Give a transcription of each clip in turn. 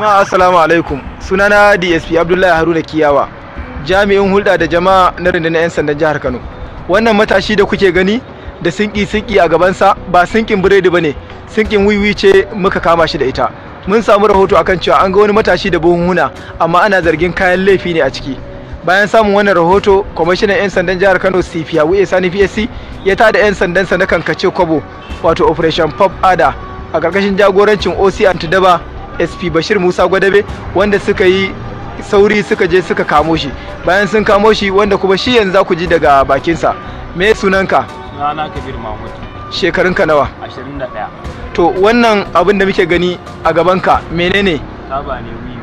jama'a assalamu alaikum sunana dsp abdullahi haruna kiyawa jami'in hulɗa da jama'a na rundunar 'yan sandan jihar kano wannan matashi da kuke gani da sinki sinki a gabansa ba sinkin biredi ba ne sinkin wiwi ce muka kama shi da ita mun samu rahoto akan cewa an ga wani matashi da buhunhuna amma ana zargin kayan laifi ne a ciki bayan samun wannan rahoto kwamishinan 'yan sandan jihar kano cpu sani psc ya tada 'yan sandan sa na kankace kwabo wato operation pop ada a ƙarƙashin jagorancin oc antidaba sp bashir musa gwadabe wanda suka yi sauri suka je suka kamo shi bayan sun kamo shi wanda kuma shi yanzu za ku ji daga bakinsa me sunanka sunana kabir mahmud shekarunka nawa 21 to wannan abin da muke gani a gabanka menene taba ne wiwi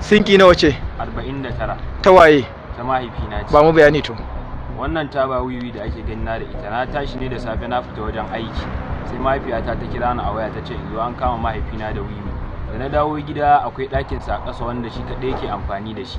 sinki nawa ce 49 ta waye ta mahaifina ce ba mu bayani to wannan taba wiwi da ake gani na da ita na tashi ne da safe na fita wajen aiki sai mahaifiyata ta kira ni a waya ta ce yanzu an kama mahaifina da wiwi da na dawo gida akwai ɗakin a ƙasa wanda shi kaɗai yake amfani da shi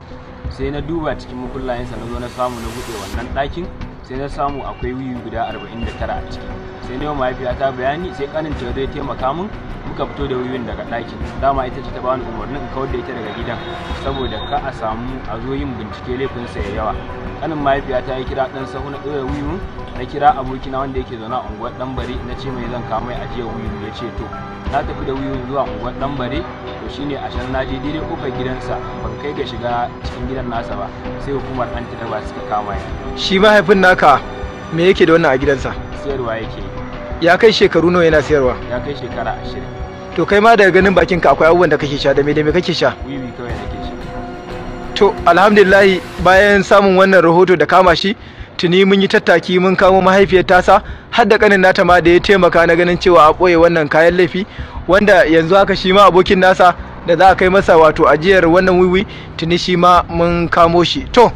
sai na duba cikin sa na zo na samu na buɗe wannan ɗakin sai na samu akwai wiwi guda arba'in 49 a ciki sai na yi mahaifiyata bayani sai ƙanin ta zai taimaka min ka fito da wiwin daga ɗakin dama ita ce ta bani umarnin in kawar da ita daga gidan saboda ka a samu a zo yin bincike laifinsa ya yawa kanin mahaifiyata ya kira ɗan sahu na ɗora wiwin na kira abokina wanda yake zaune a unguwar ɗanbare na ce mai zan kama a jiya wiwin ya ce to na tafi da wiwin zuwa unguwar ɗanbare to shine a can na je daidai kofar gidansa ban kai ga shiga cikin gidan nasa ba sai hukumar ɗan ta ba suka kama ya shi mahaifin naka me yake da wannan a gidansa sayarwa yake ya kai shekaru nawa yana sayarwa ya kai shekara ashirin to kai ma daga ganin bakin ka akwai abubuwan da kake sha da me da me kake sha nake to alhamdulillah bayan samun wannan rahoto da kama shi tuni mun yi tattaki mun kamo mahaifiyar tasa har da kanin nata ma da ya taimaka na ganin cewa a ɓoye wannan kayan laifi wanda yanzu haka shi ma abokin nasa da za a kai masa wato ajiyar wannan wiwi tuni shi ma mun kamo shi to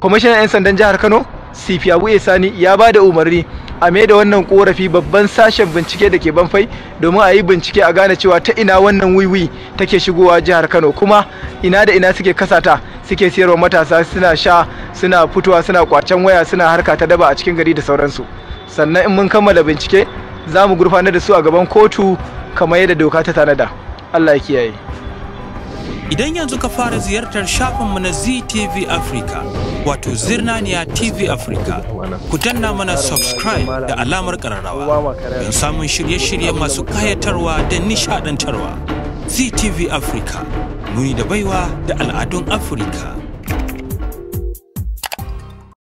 kwamishinan 'yan sandan jihar kano cp abu sani ya ba da umarni a mai da wannan korafi babban sashen bincike da ke banfai domin a yi bincike a gane cewa ta ina wannan wiwi take shigowa jihar kano kuma ina da ina suke kasata suke siyarwa matasa suna sha suna fitowa suna kwacen waya suna harka ta daba a cikin gari da sauransu sannan in mun kammala bincike za mu gurfanar da su a gaban kotu kamar yadda doka ta tanada allah ya kiyaye Idan yanzu ka fara ziyartar shafinmu na ZTV Africa, wato Zirnaniya TV Africa, ku danna mana subscribe da alamar ƙararrawa don samun shirye-shirye masu kayatarwa da nishaɗantarwa, ZTV Africa, muni da baiwa da al'adun Africa.